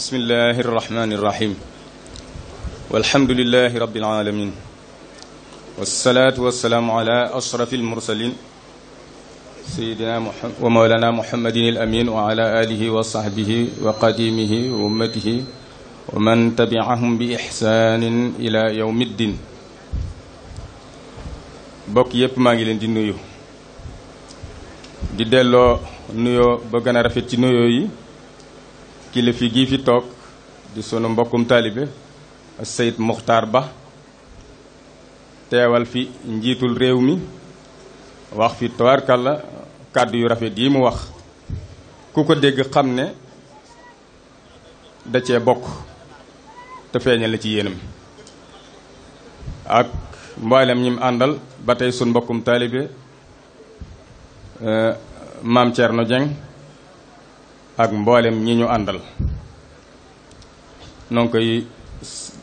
bismillahi irrahmani irrahim walhamdulilahi rabbil alamin wassalaatu wassalaamu ala ashraf almursalin sayidina wa mawlana muhammadin alamin wa ala alihi wa sahbihi wa qadimihi wa ummatihi wa man tabiahum bi ixsanin ila yawmi ddin bokk yépp maa ngi leen di nuyu di delloo nuyoo ba gën a rafet ci nuyoo yi kilifa gi fi toog di sunu mbokkum taalibe Seyid Muxtaar Ba teewal fi njiitul réew mi wax fi tabarkàlla kàddu yu rafet yi mu wax ku ko dégg xam ne da cee bokk te feeñal la ci yéenam ak mboolem ñi mu àndal ba tey sunu mbokkum taalibe eh, maam Thierno Dieng ak mboolem ñi ñu àndal noo yi koy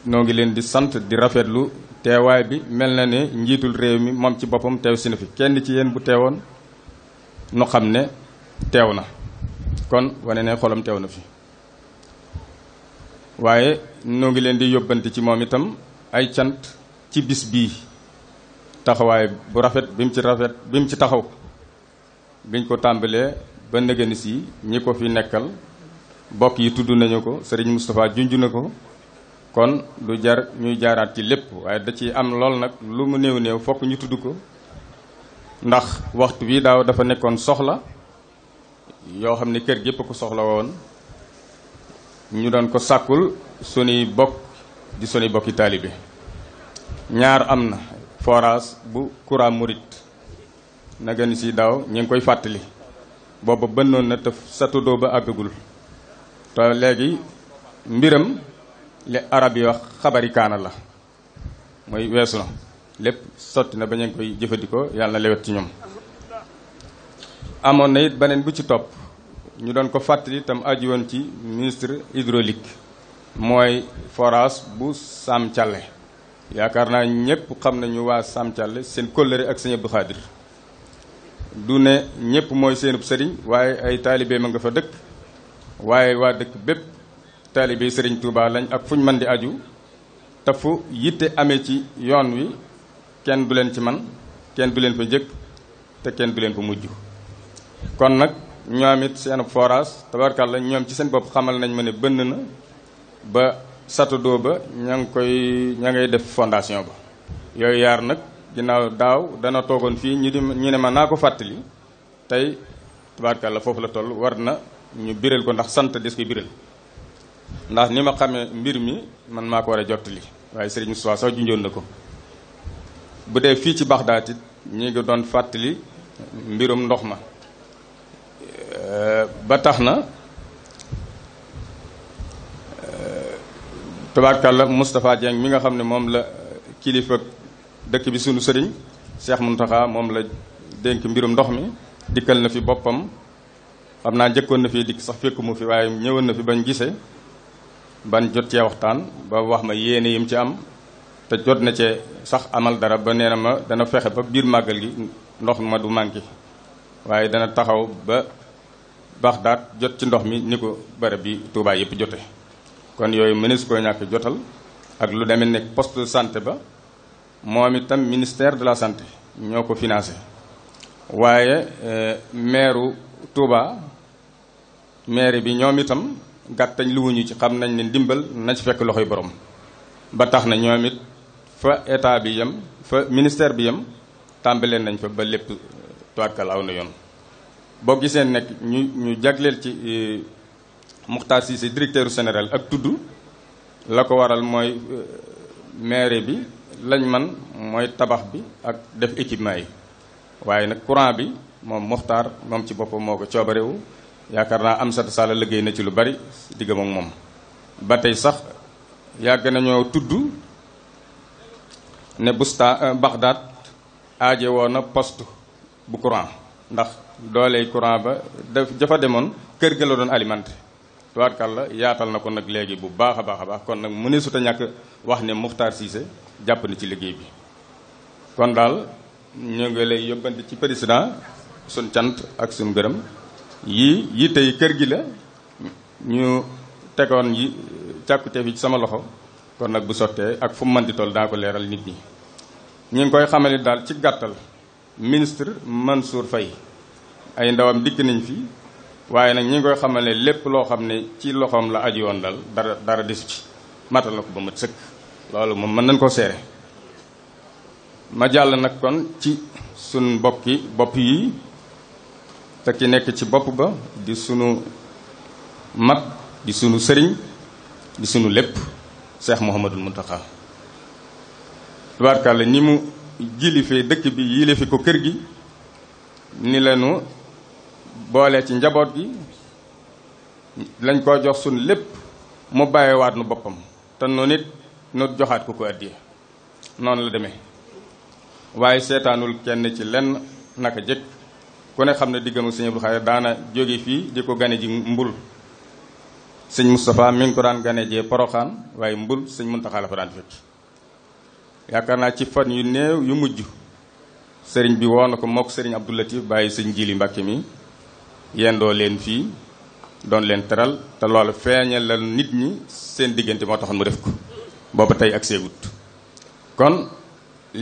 noo ngi leen di sant di rafetlu teewaay bi mel na ne njiitul réew mi moom ci boppam teew si na fi kenn ci yéen bu teewoon nu xam ne teew na kon wane ne xolam teew na fi waaye noo ngi leen di yóbbante ci moom itam ay cant ci bis bii taxawaay bu rafet bi mu ci rafet bi mu ci taxaw biñ ko tàmbalee ba nëgëni yi ñi ko fi nekkal bokk yi tudd nañu ko sëriñ Moustapha junj na ko kon du jar ñuy jaaraat ci lépp waaye da ci am lool nag lu mu néew néew fokk ñu tudd ko ndax waxtu wi daaw dafa nekkoon soxla yoo xam ne kër gépp ko soxla woon ñu doon ko sàkkul sunuy bokk di sunuy bokki taalibe ñaar am na forage bu courant murit nagani si daaw ñu ngi koy fàttali booba bënnoon na te satudoo ba àggagul te léegi mbiram li arab yi wax xabari kaana la mooy weesu na lépp sotti na ba ñu koy jëfandikoo yàlla lewet ci ñoom amoon na it beneen bu ci topp ñu doon ko fàttali itam aju woon ci ministre hydraulique mooy forage bu Sam Thialé yaakaar naa ñëpp xam nañu waa Sam Thialé seen kóllëre ak sëñ Abdou Khadir du ne ñëpp mooy seenub sëriñ waaye ay taalibee ma nga fa dëkk waaye waa dëkk bépp taalibe sëriñ Touba lañ ak fuñ mën di aju te fu yitte amee ci yoon wi kenn du leen ci man kenn du leen fa jëkk te kenn du leen fa mujj kon nag ñoom it seen forage lañ ñoom ci seen bopp xamal nañ ma ne bënn na ba satadoo ba ña koy ña ngay def fondation ba yooyu yaar nag ginnaaw daaw dana toogoon fii ñu di ñu ne ma naa ko fàttali tey la foofu la toll war na ñu biral ko ndax sant des koy biral ndax ni ma xamee mbir mi man maa ko war a jottali waaye sëriñ Moussa sax junjoon na ko bu dee fii ci Baxdaad it ngi doon fàttali mbirum ndox ma euh, ba tax na euh, tubaarkàlla Moustapha Dieng mi nga xam ne moom la kilifa dëkk bi sunu sëriñ Cheikh Mountakha moom la dénk mbirum ndox mi dikkal na fi boppam xam naa njëkkoon na fi dikk sax fekku mu fi waaye ñëwoon na fi bañ gisee ban jot cee waxtaan ba wax ma yéene yim ci am te jot na cee sax amal dara ba nee na ma dana fexe ba biir màggal gi ndox ma du manqué waaye dana taxaw ba Baxdaad jot ci ndox mi ni ko barab bi tuubaay yëpp jote kon yooyu mënees koo ñàkk jotal ak lu demee nekk poste de santé ba moom itam ministère de la santé ñoo ko financé waaye euh, maire Touba maire bi ñoom itam gàttañ lu wuñu ci xam nañ ne ndimbal na ci fekk loxoy borom ba tax na ñoom it fa état bi yem fa ministère bi yem tàmbalee nañ fa ba lépp euh, tuwakkal aw na yoon boo gisee nekk ñu ñu jagleel ci euh, Muxtaar Cissé directeur sénéral ak tudd la ko waral mooy maire bi lañ man mooy tabax bi ak def équipement yi waaye nag courant bi moom Mokhtar moom ci boppam moo ko coobarewu yaakaar naa Amsata Sall liggéey na ci lu bari diggam ak moom ba tey sax yàgg nañoo tudd ne busta euh, Bagdad aaje woon na poste bu courant ndax dooley courant ba def dafa demoon kër gi la doon alimenté la yaatal na ko nag léegi bu baax a baax a baax kon nag mu ne suta ñàkk wax ne Mokhtar siise jàpp ci liggéey bi kon daal ñu ngi lay yóbbante ci président suñ cant ak suñ gërëm yii yi tey kër gi la ñu tegoon yi càkkute fi ci sama loxo kon nag bu sottee ak fu mu mën di toll daa ko leeral nit ñi ñu ngi koy xamale daal ci gàttal ministre Mansour Faye ay ndawam dikk nañ fi waaye nag ñu ngi koy xamale lépp loo xam ne ci loxoom la aju woon daal dara dara desu ci matal na ko ba mat sëkk loolu moom mën nañ koo seere ma jàll nag kon ci sunu bokki bopp yi te ki nekk ci bopp ba di suñu mag di sunu sëriñ di sunu lépp Cheikh Mouhamadul Mountakha tubaarkàlla ni mu jilifee dëkk bi yilifi ko kër gi ni lañu boole ci njaboot gi lañ ko jox sunu lépp mu bàyyiwaat nu boppam te noonu it nu joxaat ko ko addiya noonu la deme waaye seetaanul kenn ci lenn naka jëkk ku ne xam ne diggam sëñ Abdou Khadre daana jóge fii di ko gane ji mbul sëñ Moustapha mi ngi ko daan gane jee poroxaan waaye mbul sëñ Muntaxa la fa daan fekk yaakaar naa ci fan yu néew yu mujj sëriñ bi woo na ko mook sëriñ Abdou Latif bàyyi sëñ Jili Mbàkke mi yendoo leen fii doon leen teral te loolu feeñal la nit ñi seen diggante moo taxoon mu def ko booba tey ak seegut kon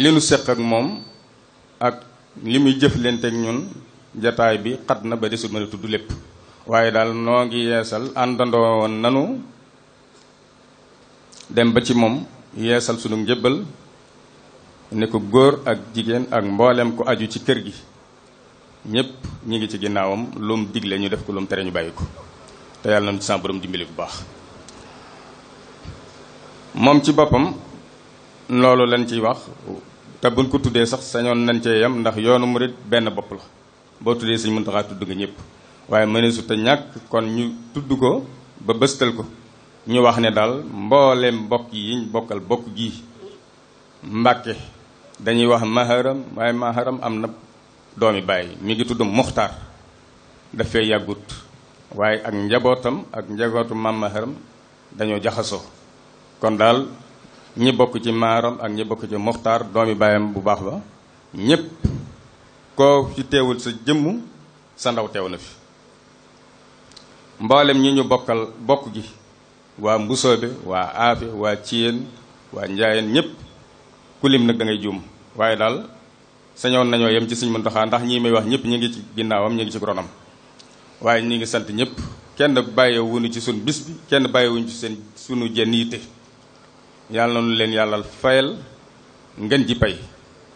li nu séq ak moom ak li muy jëflante ak ñun jataay bi xat na ba desul mën tudd lépp waaye daal noo ngi yeesal àndandoo woon nanu dem ba ci moom yeesal sunu njëbbal ne ko góor ak jigéen ak mboolem ko aju ci kër gi ñëpp ñi ngi ci ginnaawam lum digle ñu def ko lum tere ñu bàyyi ko te yàlla nañu ci sa bu baax moom ci boppam loolu lañ ciy wax te buñ ko tuddee sax sañoon nañ cee yem ndax yoonu murit benn bopp la boo tuddee sañ Muntaxaa tudd nga ñëpp waaye mëneesu te ñàkk kon ñu tudd ko ba bëstal ko ñu wax ne daal mbooleem mbokk yi ñu bokkal bokk gi Mbàkke dañuy wax maharam waaye maharam am na doomi bàyyi mi ngi tudd Muxtaar dafay yàggut waaye ak njabootam ak njabootu maam maharam dañoo jaxasoo kon daal ñi bokk ci maaram ak ñi bokk ci moxtaar doomi baayam bu baax ba ñépp koo ci teewul sa jëmm sa ndaw teew na fi mboolem ñi ñu bokkal bokk gi waa mbusoobe waa aafe waa ciyeen waa njaayeen ñépp ku lim nag da ngay juum waaye daal sañoon nañoo yem ci suñ Muntaxa ndax ñii may wax ñëpp ñu ngi ci ginnaawam ñu ngi ci ronam waaye ñu ngi sant ñëpp kenn bàyyiwuñu ci suñ bis bi kenn bàyyiwuñu ci seen sunu jën yitte yàlla nu leen yàlla fayal ngeen ji pay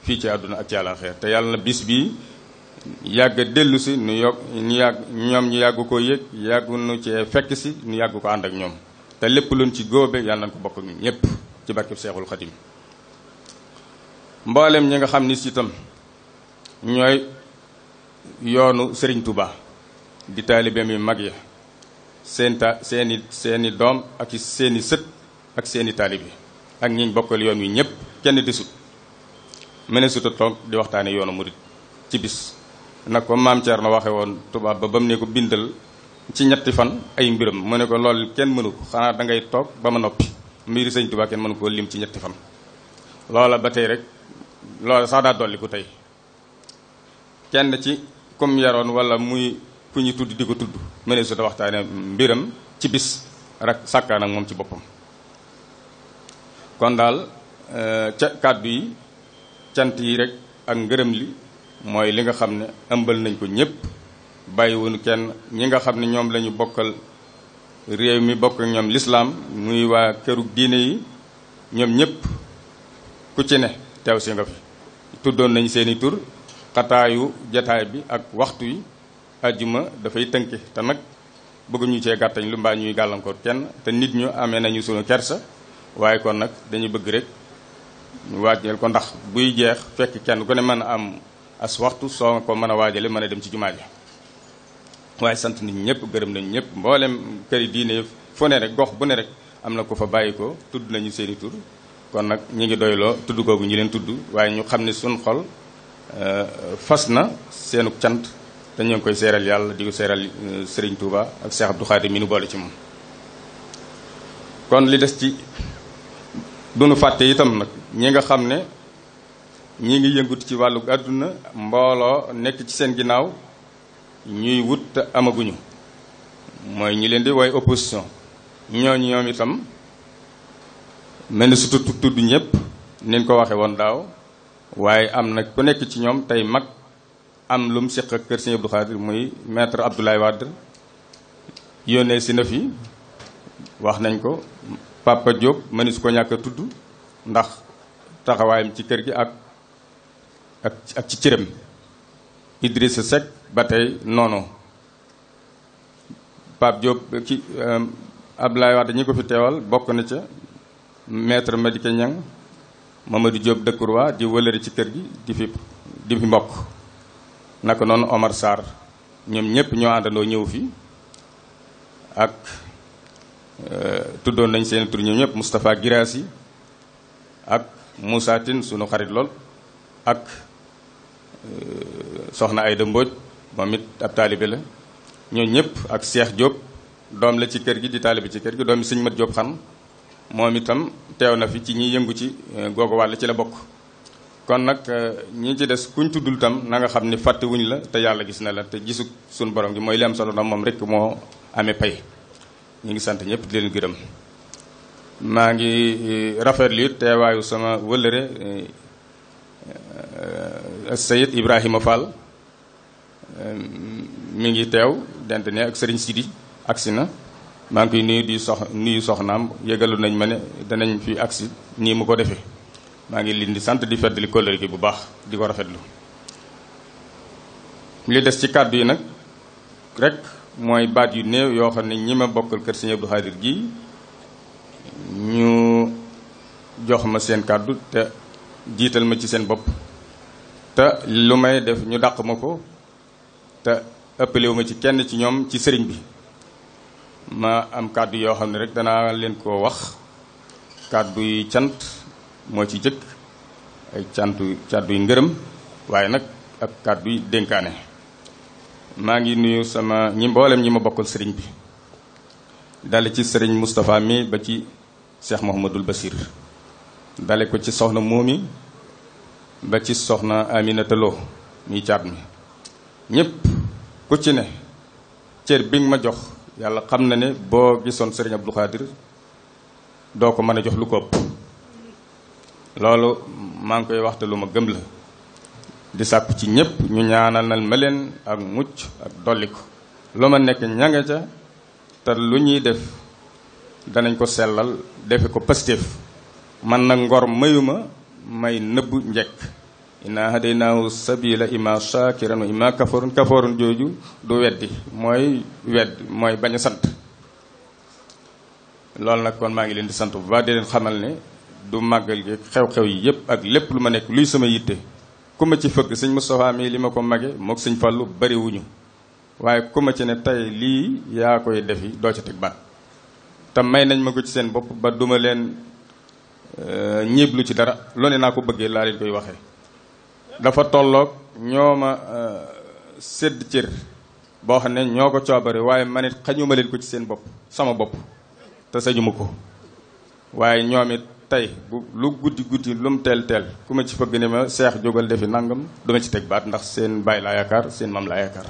fii ci àdduna ak ci àllaaxeer te yàlla na bis bi yàgg dellu si nu yokk yàgg ñoom ñu yàgg ko yëg yàggu nu ci fekk si nu yàgg ko ànd ak ñoom te lépp luñ ci góobe yàlla nañ ko bokk ñun ñëpp ci barkeb Seexul Xadim mboolem ñi nga xam ni si ñooy yoonu Serigne Touba di taalibeem yu mag ya seen ta seeni seeni doom ak seeni sët ak seeni taalibe ak ñiñ bokkal yoon wi ñëpp kenn di desut mënesut a toog di waxtaane yoonu murit ci bis nag ko maam Thierno waxe woon tubaab ba ba mu ne ko bindal ci ñetti fan ay mbiram mu ne ko lool kenn mënu ko xanaa da ngay toog ba ma noppi mbiri sëñ Tuubaa kenn mënu koo lim ci ñetti fan loola ba tey rek loola sax daa tey kenn ci comme yaroon wala muy ku ñu tudd di ko tudd mënesut a waxtaane mbiram ci bis rek sàkkaan ak moom ci boppam kon daal euh, ca kàddu yi cant yi rek ak ngërëm li mooy li nga xam ne ëmbal nañ ko ñëpp bàyyiwunu kenn ñi nga xam ne ñoom lañu bokkal réew mi bokk ñoom lislaam muy waa këru diine yi ñoom ñëpp ku ci ne teew si nga fi tuddoon nañ seeni tur xataayu jataay bi ak waxtu yi ajjuma dafay tënke te nag bëgguñu cee gàttañ lu mbaa ñuy gàllankoor kenn te nit ñu amee nañu sunu kersa waaye kon nag dañu bëgg rek ñu waajal ko ndax buy jeex fekk kenn ku ne mën a am as waxtu soo ko mën a waajale mën a dem ci jumaa waaye sant nañ ñëpp gërëm nañ ñëpp mbooleem këri diine fu rek gox bu ne rek am na ko fa bàyyi ko tudd nañu seeni tur kon nag ñu ngi doyloo tudd googu ñu leen tudd waaye ñu xam ne suñ xol euh, fas na seenu cant te koy seeral yàlla di ko seeral euh, Serigne Touba ak Cheikh Abdou Khadim mi boole ci moom kon li des ci duñu fàtte itam nag ñi nga xam ne ñi ngi yëngut ci wàllu àdduna mbooloo nekk ci seen ginnaaw ñuy wut amaguñu mooy ñi leen di waaye opposition ñooñu ñoom itam mel ni su tudd ñëpp niñ ko waxe woon daaw waaye am na ku nekk ci ñoom tey mag am lum mu seq ak kër Sëñ Abdou muy maître Abdoulaye Wade yónnee si na fi wax nañ ko Papa Diop mënees ko ñàkk a tudd ndax taxawaayam ci kër gi ak ak ci cëram Idrissa Seck ba tey noonu Pape Diop ki euh, Abdoulaye Wade ñi ko fi teewal bokk na ca maître Madické Niang Mamadou Diop Decroix di wëlëri ci kër gi di fi di fi mbokk naka noonu Omar Sarr ñoom ñëpp ñoo àndandoo ñëw fii ak Euh, tuddoon nañ seen tur ñoom ñëpp Moustapha Guirassy ak Moussa Tine sunu xarit lool ak euh, soxna Ayda Mbodj moom it ab taalibe la ñooñu ñëpp ak seex Diop doom la ci kër gi di taalibe ci kër gi doomi sëñ Mat Diop xam moom itam teew na fi ci ñiy yëngu ci euh, googu wàll ci la bokk kon nag ñi ci des kuñ tuddul tam na nga xam ni fàtte la te yàlla gis na la te gisu sunu borom gi mooy li am solo ndax moom rek moo amee pay ñu ngi sant ñëpp di leen gërëm maa ngi eh, rafetlu it teewaayu sama wëllëre eh, eh, Sayid Ibrahima Fall mi ngi teew dent ne ak sëriñ Sidi agsi na maa ngi koy nuyu di sox nuyu soxnaam yëgalu nañ ma ne danañ fi agsi nii mu ko defe maa ngi leen di sant di feddali kóllëre gi bu baax di ko rafetlu li des ci kàddu yi nag rek mooy baat yu néew yoo xam ne ñi ma bokkal kër sëñ Abdou Khadir gi ñu jox ma seen kàddu te jiital ma ci seen bopp te lu may def ñu dàq ma ko te ëppalewu ma ci kenn ci ñoom ci sëriñ bi ma am kàddu yoo xam ne rek danaa leen koo wax kàddu yu cant moo ci jëkk ay cantu kàddu yu ngërëm waaye nag ak kàddu yu dénkaane maa ngi nuyu sama ñi mboolem ñi ma bokkal sëriñ bi dale ci sëriñ Moustapha mi ba ci Cheikh Mouhamadul Bachir dale ko ci soxna Moomi ba ci soxna Aminata Lo mi caat mi ñépp ku ci ne cër bi nga ma jox yàlla xam na ne boo gisoon sëriñ Abdou Khadir doo ko mën a jox lu ko ëpp loolu maa ngi koy waxte lu ma gëm la di sàkku ci ñëpp ñu ñaanalal ma leen ak mucc ak dolliku lu ma nekk ñanga ca te lu ñuy def danañ ko sellal defe ko pastéef man nag ngor mayuma may nëbb njekk inna hadaynaahu sabila ima shakiran wa ima kaforun kaforun jooju du weddi mooy wedd mooy bañ a sant loolu nag kon maa ngi leen di sant bu baax di leen xamal ne du màggal gi xew-xew yi yëpp ak lépp lu ma nekk luy sama yitte ku ma ci fëgg sëñ Moustapha mii li ma ko mage moog sëñ Fallou bari wuñu waaye ku ci ne tey lii yaa koy defi doo ci teg baat te may nañ ma ko ci seen bopp ba duma leen euh, lu ci dara lone naa ko bëggee laa leen koy waxee dafa tollook ñoo ma euh, sédd cër boo xam ne ñoo ko coobare waaye man xañuma leen ko ci seen bopp sama bopp te sañuma ko waaye ñoom tey bu lu guddi guddi lu mu teel teel ku ma ci fëgg ne ma seex jógal defi nangam du ci teg baat ndax seen baay laa yaakaar seen maam laa yaakaar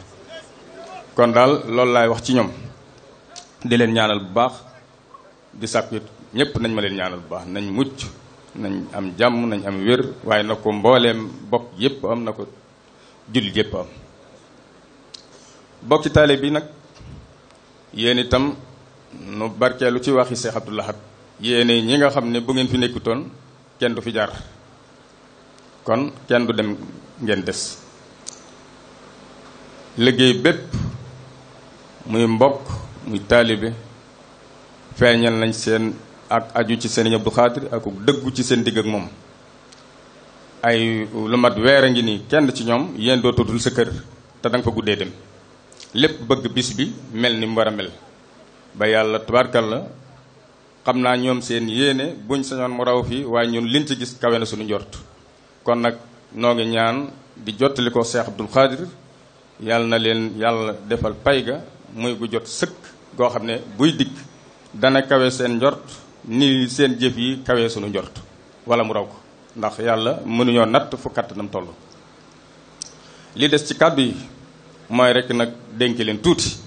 kon daal loolu laay wax ci ñoom di leen ñaanal bu baax di sàkku ñépp ñëpp nañ ma leen ñaanal bu baax nañ mucc nañ am jàmm nañ am wér waaye na ko mbooleem bokk yépp am na ko jullit yëpp am bokk ci taale bi nag yéen itam nu barkeelu ci waxi Seex Abdul Ahad yéene ñi nga xam ne bu ngeen fi nekkutoon kenn du fi jaar kon kenn du dem ngeen des liggéey bépp muy mbokk muy taalibe feeñal nañ seen ak aju ci seen Abdou Khadir ak dëggu ci seen digg ak moom ay lu mat weer a ngi nii kenn ci ñoom yéen doo tuddul sa kër te danga fa guddee dem lépp bëgg bis bi mel ni mu war a mel ba yàlla tubaarkal la xam naa ñoom seen yéene buñ sañoon mu raw fii waaye ñun liñ ci gis kawe na suñu njort kon nag noo ngi ñaan di jottali ko Cheikh Abdoul Khadir yàlla na leen yàlla defal payga muy gu jot sëkk goo xam ne buy dikk dana kawe seen njort ni seen jëf yi kawe sunu njort wala mu raw ko ndax yàlla mënuñoo natt fu kàttanam toll li des ci kàddu yi mooy rekk nag dénk leen tuuti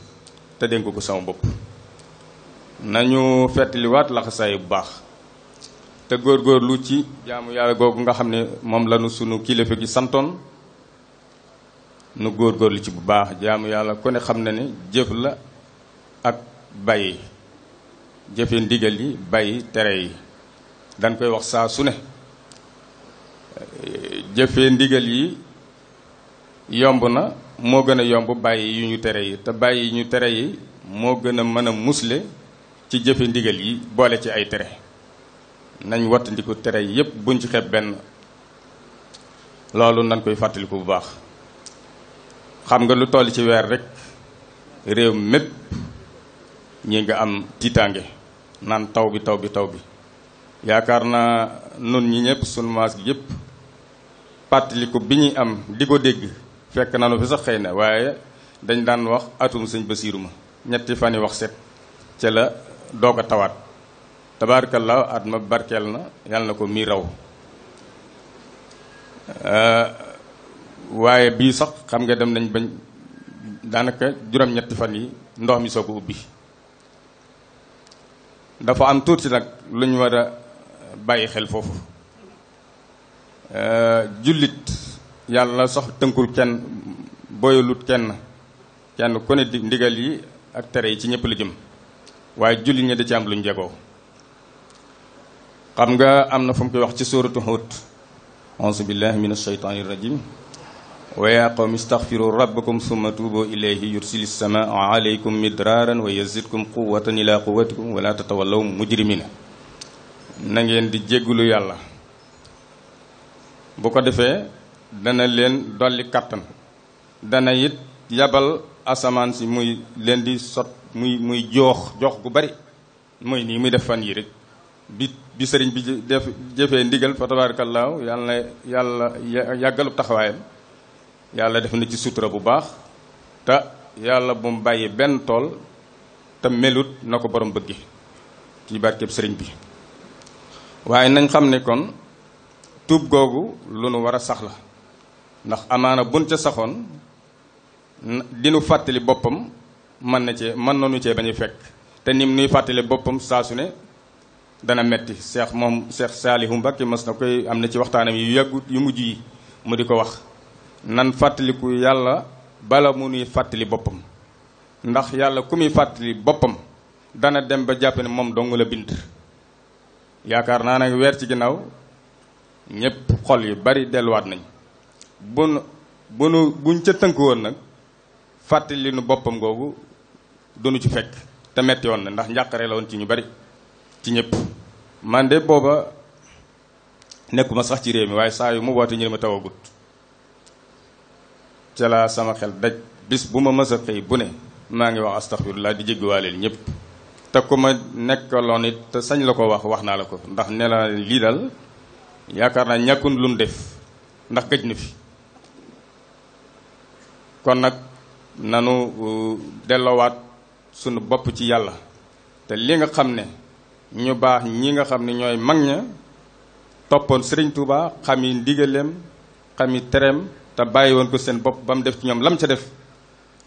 te dénk ko sama bopp nañu fettaliwaat laxasaay bu baax te góor góorlu ci jaamu yàlla googu nga xam ne moom lañu sunu kilifa gi santoon nu góorlu ci bu baax jaamu yàlla ku ne xam na ne jëf la ak bàyyi jëfe ndigal yi bàyyi tere yi dañ koy wax saa su ne jëfe ndigal yi yomb na moo gën a yomb bàyyi yu ñu tere yi te bàyyi yu ñu tere yi moo gën a mën a musle ci jëfe ndigal yi boole ci ay tere nañ wattandiku tere yépp buñ ci xeeb benn loolu nañ koy fàttaliku bu baax xam nga lu toll ci weer rek réew mépp ñi nga am tiitaange naan taw bi taw bi taw bi yaakaar naa nun ñi ñëpp sunu maas gi yëpp fàttaliku bi ñuy am di ko dégg fekk nanu fi sax xëy na waaye dañ daan wax atum sëñ Basiiru ma ñetti fan yi wax set ca la doog a tawaat tabaarkalla at ma barkeel na yàlla na ko mii raw euh, waaye bii sax xam nga dem nañ bañ daanaka juróom-ñetti fan yi ndox mi soo ko ubbi dafa am tuuti nag lu ñu war a bàyyi xel foofu euh, jullit yàlla sax tënkul kenn boyalut kenn kenn ku ne ndigal yi ak tere yi ci ñëpp la jëm waaye jullit ñi ci am luñ jegoo xam nga am na fu mu koy wax ci suuratu Hud auzu billahi min ashaytaani rajim wa yaa qawmi istaghfiru rabbakum summa tuubu ilayhi yursili samaa alaykum midraaran wa yazidkum quwwatan ila quwwatikum wala tatawallaw mujrimina na di jéggulu yàlla bu ko defee dana leen dolli kàttan dana it yabal asamaan si muy leen di sot muy muy joox joox bu bari mooy nii muy def fan yii rek bi bi sëriñ bi def jëfee ndigal fa tabaarakallaahu yàlla na yàlla yàggalub taxawaayam yàlla def na ci sutura bu baax te yàlla bu mu bàyyi benn tool te melut na ko borom bëgge ci barkeb sëriñ bi waaye nañ xam ne kon tuub googu lu nu war a sax la ndax amaana buñ ca saxoon dinu fàttali boppam mën na cee mën nañu cee bañ a fekk te nim nuy fàttale boppam saa su ne dana metti seex moom seex saalihu mbàkke mas na koy am na ci waxtaanam yu yàggut yu mujj yi mu di ko wax nan fàttaliku yàlla bala mu nuy fàttali boppam ndax yàlla ku muy fàttali boppam dana dem ba jàpp ne moom dong la bind yaakaar naa nag weer ci ginnaaw ñëpp xol yu bari delluwaat nañ bu nu bu nu ca tënk woon nag fàttali nu boppam googu dunu ci fekk te metti woon na ndax njàqare la woon ci ñu bari ci ñëpp man de booba nekkuma sax ci réew mi waaye saa yu mu woote ñu ne ma tawagut ca la sama xel daj bis bu ma mës a xëy bu ne maa ngi wax laa di jéggiwaaleel ñëpp te ku ma nekkaloon it te sañ la ko wax wax naa la ko ndax ne la lii daal yaakaar naa ñàkkun lu nu def ndax gëj na fi kon nag nanu uh, delloowaat sunu bopp ci yàlla te li nga xam ne ñu baax ñi nga xam ne ñooy mag ña toppoon sëriñ Touba xam yi ndigaleem xam yi tereem te bàyyi woon ko seen bopp ba mu def ci ñoom lam ca def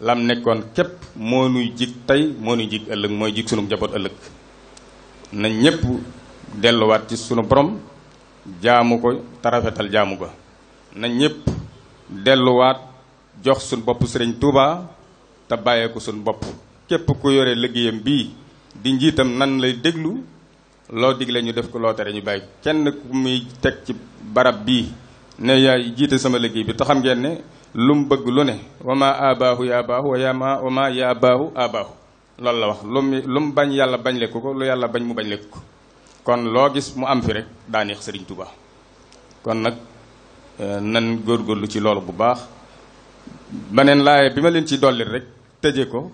lam nekkoon képp moo nuy jig tey moo nuy jig ëllëg mooy jig sunu njaboot ëllëg na ñépp delluwaat ci sunu borom jaamu ko te jaamu ko na ñépp delluwaat jox suñu bopp sëriñ Touba te bàyyee ko suñu bopp képp ku yore liggéeyam bii di njiitam nan lay déglu loo digle ñu def ko loo tere ñu bàyyi kenn ku muy teg ci barab bii ne yaay jiite sama liggéey bi te xam ngeen ne lu mu bëgg lu ne wama abaahu yaa baahu wa yama wama yaa baahu abaahu loolu la wax lu mu lu mu bañ yàlla bañ lekk ko lu yàlla bañ mu bañ lekk ko kon loo gis mu am fi rek daa neex sëriñ Tuubaa kon nag euh, nan góorgóorlu ci loolu bu baax beneen laaya bi ma leen ci dolli rek tëje ko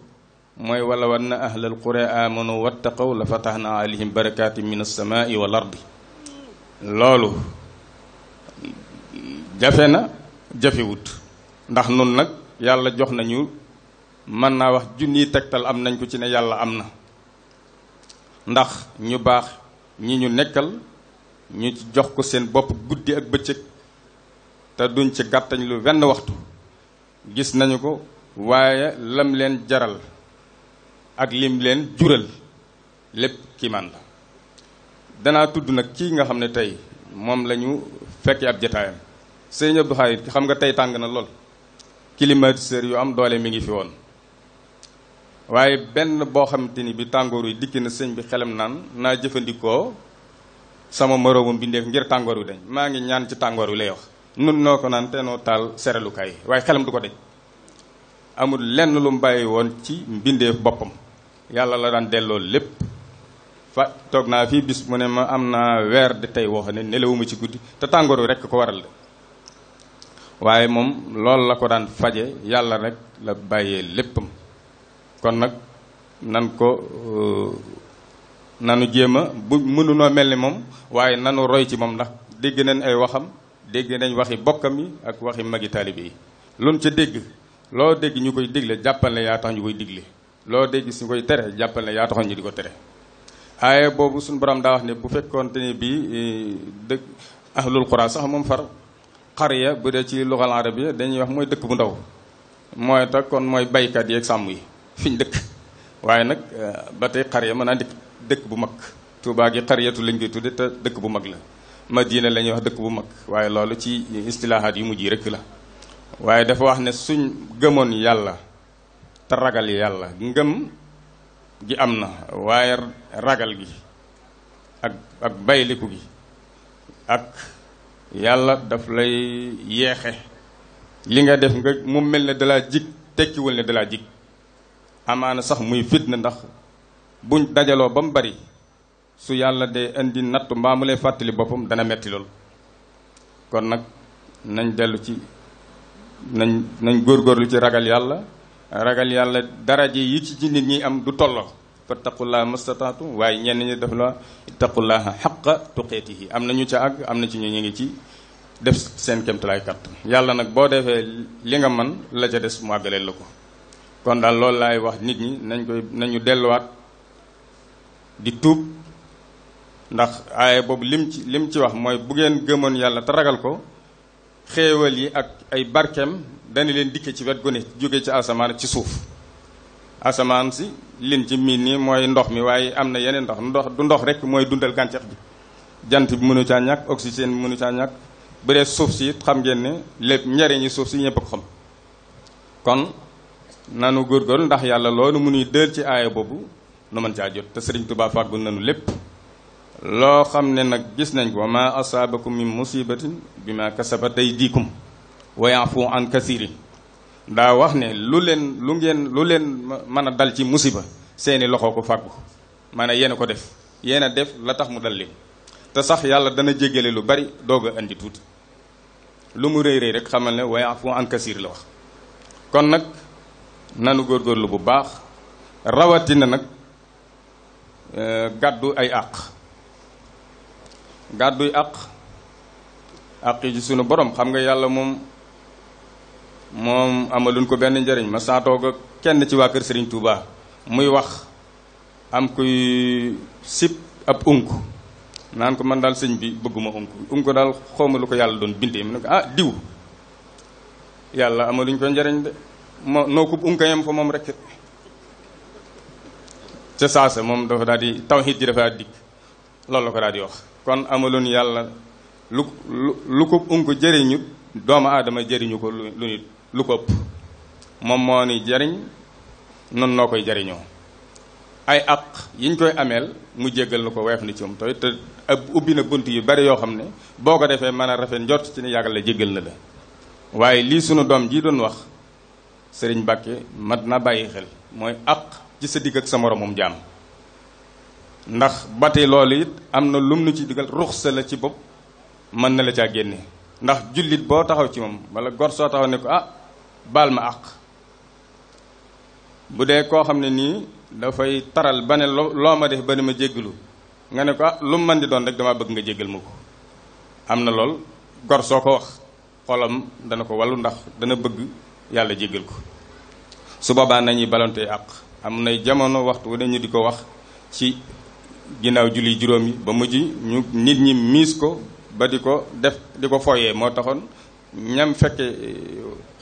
mooy wala wanna ahlal qura amanu wattaqaw la fatahna alayhim barakatin min as-samai wal ardi loolu jafe na jafewut ndax nun nag yàlla jox nañu mën naa wax junniy tegtal am nañ ko ci ne yàlla am na ndax ñu baax ñi ñu nekkal ñu jox ko seen bopp guddi ak bëccëg te duñ ci gàttañ lu wenn waxtu gis nañu ko waaye lam leen jaral ak lim leen jural lépp kii la danaa tudd nag kii nga xam ne tey moom lañu ñu ab jataayam sëñ Abdou Khadre xam nga tey tàng na lool climatiseur yu am doole mi ngi fi woon waaye benn boo xamante ni bi tàngoor wi dikk na sëñ bi xelam naan naa jëfandikoo sama moroomam bindeef ngir tàngoor wi dañ maa ngi ñaan ci tàngoor wi lay wax nun noo ko naan te noo taal seralukaay waaye xelam du ko daj amul lenn lu mu bàyyi woon ci mbindeef boppam yàlla la daan delloo lépp fa toog naa fii bis mu ne ma am naa weer de tey woo xam ne nelawuma ci guddi te tàngoor wi rekk ko waral de waaye moom loolu la ko daan faje yàlla rek la bàyyee léppam kon nag nan ko nanu jéem a bu mënunoo mel ni moom waaye nanu roy ci moom ndax dégg nañ ay waxam dégg nañ waxi bokkam yi ak waxi magi taalibe yi lun ci dégg loo dégg ñu koy digle jàppale ne yaa tax ñu koy digle loo dégg gis koy tere jàppale ne yaa taxoon ñu di ko tere aaya boobu suñu borom daa wax ne bu fekkoonte ne bii e, dëkk ahlul qura sax moom far xariya bu dee ci luxal arabiya dañuy wax mooy dëkk bu ndaw mooy tax kon mooy baykat yeeg sàmm yi fiñ dëkk waaye nag e, ba tey xariya mën naa dëkk dëkk bu mag Tuubaa gi xariyatu lañ koy tudde te dëkk bu mag la Madina la ñuy wax dëkk bu mag waaye loolu ci istilahaat yu mujj yi rek la waaye dafa wax ne suñ gëmoon yàlla te ragal yàlla ngëm gi am na waaye ragal gi ak ak bayliku gi ak yàlla daf lay yeexe li nga def nga mu mel ne dalaa jig tekkiwul ne dalaa jig amaana sax muy fitna ndax buñ dajaloo ba mu bari su yàlla dee indi nattu mbaa mu lay fàttali boppam dana metti lool kon nag nañ dellu ci nañ nañ góorgóorlu ci ragal yàlla ragal yàlla daraje yi ci nit ñi am du tolloo fattaqullaha mastataatu waaye ñenn ñi def la ittaqullaha xaqa tuqeetihi am na ñu ca àgg am na ci ñu ñu ngi ci def seen kéemtalaay kàttan yàlla nag boo defee li nga man la ca des mu àggaleel la ko kon daal loolu laay wax nit ñi nañ koy nañu delluwaat di tuub ndax aaye boobu lim ci lim ci wax mooy bu ngeen gëmoon yàlla te ragal ko xéewal yi ak ay barkeem dana leen dikke ci wet gu ne jóge ci asamaan ak ci suuf asamaan si lin ci miin nii mooy ndox mi waaye am na yeneen ndox ndox du ndox rek mooy dundal gàncax bi jant bi mënu caa ñàkk oxygène bi mënu caa ñàkk bu dee suuf si it xam ngeen ne lépp njariñi suuf si ñëpp ko xam kon nanu góorgóorlu ndax yàlla loolu mu nuy dël ci aaya boobu nu mën caa jot te Sëriñ Tuubaa fàggul nanu lépp loo xam ne nag gis nañ ko wa ma asaabakum min musibatin bi ma kasabat aydikum wa yafu an kasiri daa wax ne lu leen lu ngeen lu leen ma mën a dal ci musiba seeni loxoo ko fàggu maanaam yéen a ko def yéen a def la tax mu dal leen te sax yàlla dana jéggale lu bari doog a indi tuuti lu mu rëy rëy rek xamal ne wa yafu an kasiri la wax kon nag nanu góorgóorlu bu baax rawatina nag eh, gàddu ay àq gàdduy àq àq yi ci sunu boroom xam nga yàlla moom moom amaluñ ko benn njëriñ ma saatoo ko kenn ci waa kër sëriñ Touba muy wax am kuy sip ab unk naan ko man daal sëñ bi bëgguma unk unk daal xawma ko yàlla doon bindee mu ne ko ah diw yàlla amaluñ ko njariñ de moo noo ko unkayam fa moom rek ca saasa moom dafa daal di tawxiit ji dafa dikk loolu la ko daal wax kon amaloon yàlla lu lu ko unk jëriñu dooma aadama jëriñu ko lu lu nit lu ko ëpp moom moo ni jariñ noon noo koy jariñoo ay àq yiñ koy ameel mu jéggal na ko weef ni ci moom tooy te ubbi na bunt yu bari yoo xam ne boo ko defee mën a rafet njort ci ne yàggal la jéggal na la waaye lii sunu doom ji doon wax sëriñ Mbàkke mat na bàyyi xel mooy àq ci sa digg ak sa moromum jaam ndax ba tey loolu it am na lum nu ci digal ruxsa la ci bopp mën na la caa génne ndax jullit boo taxaw ci moom walla gor soo taxaw ne ko ah baal ma àq bu dee koo xam ne nii dafay taral ba ne loo ma def ba ne ma jéggalu nga ne ko ah lu mu mën di doon rek damaa bëgg nga jéggal ma ko am na lool gor soo ko wax xolam dana ko wallu ndax dana bëgg yàlla jéggal ko su boobaa nañuy balantee àq am nay jamono waxtu wu ne ñu di ko wax ci ginnaaw julli juróom yi ba mujj ñu nit ñi miis ko ba di ko def di ko fooyee moo taxoon ñam fekke eh,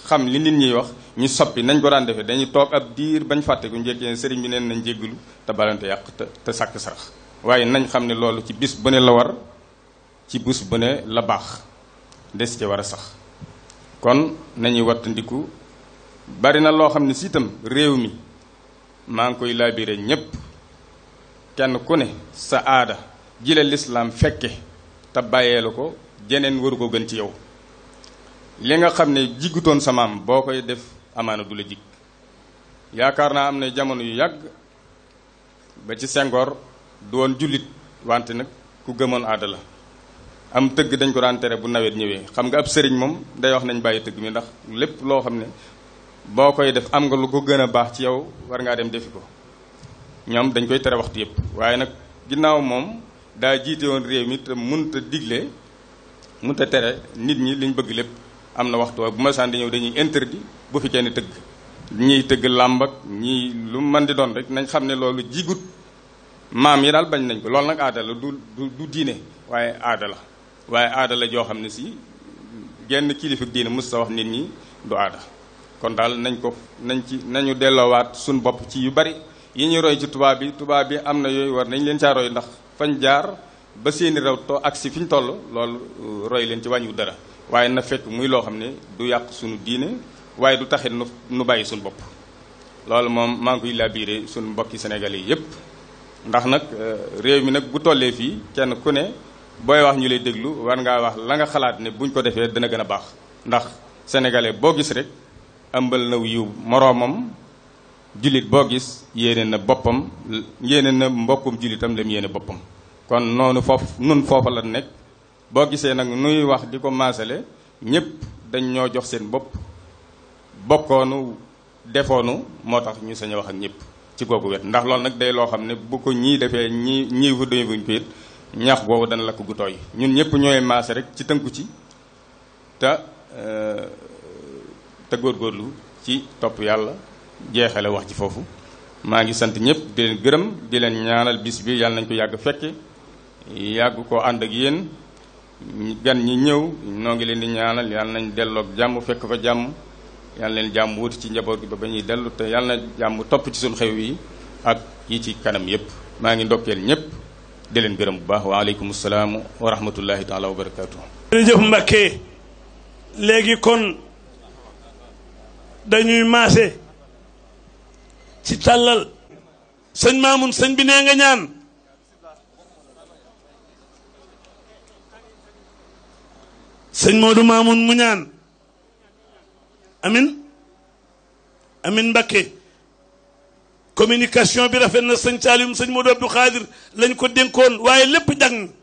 xam li nit ñiy wax ñu soppi nañ ko daan defee dañuy toog ab diir bañ fàtte ku njëkkee sëriñ bi neen nañ jéggalu te balante yàq te sàkk sarax waaye nañ xam ne loolu ci bis bu ne la war ci bés bu ne la baax des ci war a sax kon nañuy wattandiku bari na loo xam ne siitam réew mi maa ngi koy laabire ñépp kenn ku ne sa aada ji lislaam fekke te bàyyeelu ko jeneen waru ko gën ci yow li nga xam ne jigutoon sa maam boo koy def amaana du la yaakaar naa am na jamono yu yàgg ba ci Senghor du woon wante nag ku gëmoon aada la am tëgg dañ ko daan tere bu nawet ñëwee xam nga ab sëriñ moom day wax nañ bàyyi tëgg mi ndax lépp loo xam ne boo koy def am nga lu ko gën a baax ci yow war ngaa dem defi ko ñoom dañ koy tere waxtu yëpp waaye nag ginnaaw moom daa jiite woon réew mi te mënut a digle mënut a tere nit ñi liñ bëgg lépp am na waxtu waaye bu ma saan ñëw dañuy interdit bu fi kenn tëgg ñiy tëgg làmb ñii lu mën di doon rek nañ xam ne loolu jigut maam yi daal bañ nañ ko loolu nag aadala la du du diine waaye aadala waaye aadala joo xam ne si genn kilifa diine mës sa wax nit ñi du aada kon daal nañ ko nañ ci nañu delloowaat suñ bopp ci yu bari yi ñu roy ci tubaab bi tubaab bi am na yooyu war nañ leen caa roy ndax fañ jaar ba seeni raw to ak si fi ñu toll loolu uh, roy leen ci wàññiwu dara waaye na fekk muy loo xam ne du yàq suñu diine waaye du taxit nu nu bàyyi suñu bopp loolu moom maa ngi koy biire suñu mbokki Sénégal yi yépp ndax nag uh, réew mi nag bu tollee fii kenn ku ne booy wax ñu lay déglu war ngaa wax la nga xalaat ne buñ ko defee dina gën a baax ndax sénégalais boo gis rek ëmbal na yiw moroomam jullit boo gis yéene na boppam yéene na mbokkum jullitam lam yéene boppam kon noonu foofu nun foofa la nekk boo gisee nag nuy wax di ko maasale ñëpp dañ ñoo jox seen bopp bokkoonu defoonu moo tax ñu sañ a wax ak ñëpp ci googu wet ndax loolu nag day loo xam ne bu ko ñii defee ñii ñii fu doy buñ piit ñax boobu dana lakk gu tooy ñun ñëpp ñooy maase rek ci tënku ci te euh, te góorgóorlu ci topp yàlla la wax ci foofu maa ngi sant ñëpp di leen gërëm di leen ñaanal bis bi yàlla nañ ko yàgg fekke yàgg koo ànd ak yéen gan ñi ñëw noo ngi leen di ñaanal yàlla nañ delloog jàmm fekk fa jàmm yàlla leen jàmm wuti ci njaboot bi ba ba ñuy dellu te yàlla na jàmm topp ci suñu xew yi ak yi ci kanam yépp maa ngi ndokkeel ñëpp di leen gërëm bu baax waaleykum salaam wa rahmatullahi taala wa barakaatu. jërëjëf Mbacke léegi kon dañuy maase. ci tàllal sëñ Maamun sëñ bi nee nga ñaan sëñ Moodu Maamun mu amin amin Mbakke communication bi rafet na sëñ Saliou sëñ Moodu Abdou Khadir lañ ko dénkoon waaye lépp jag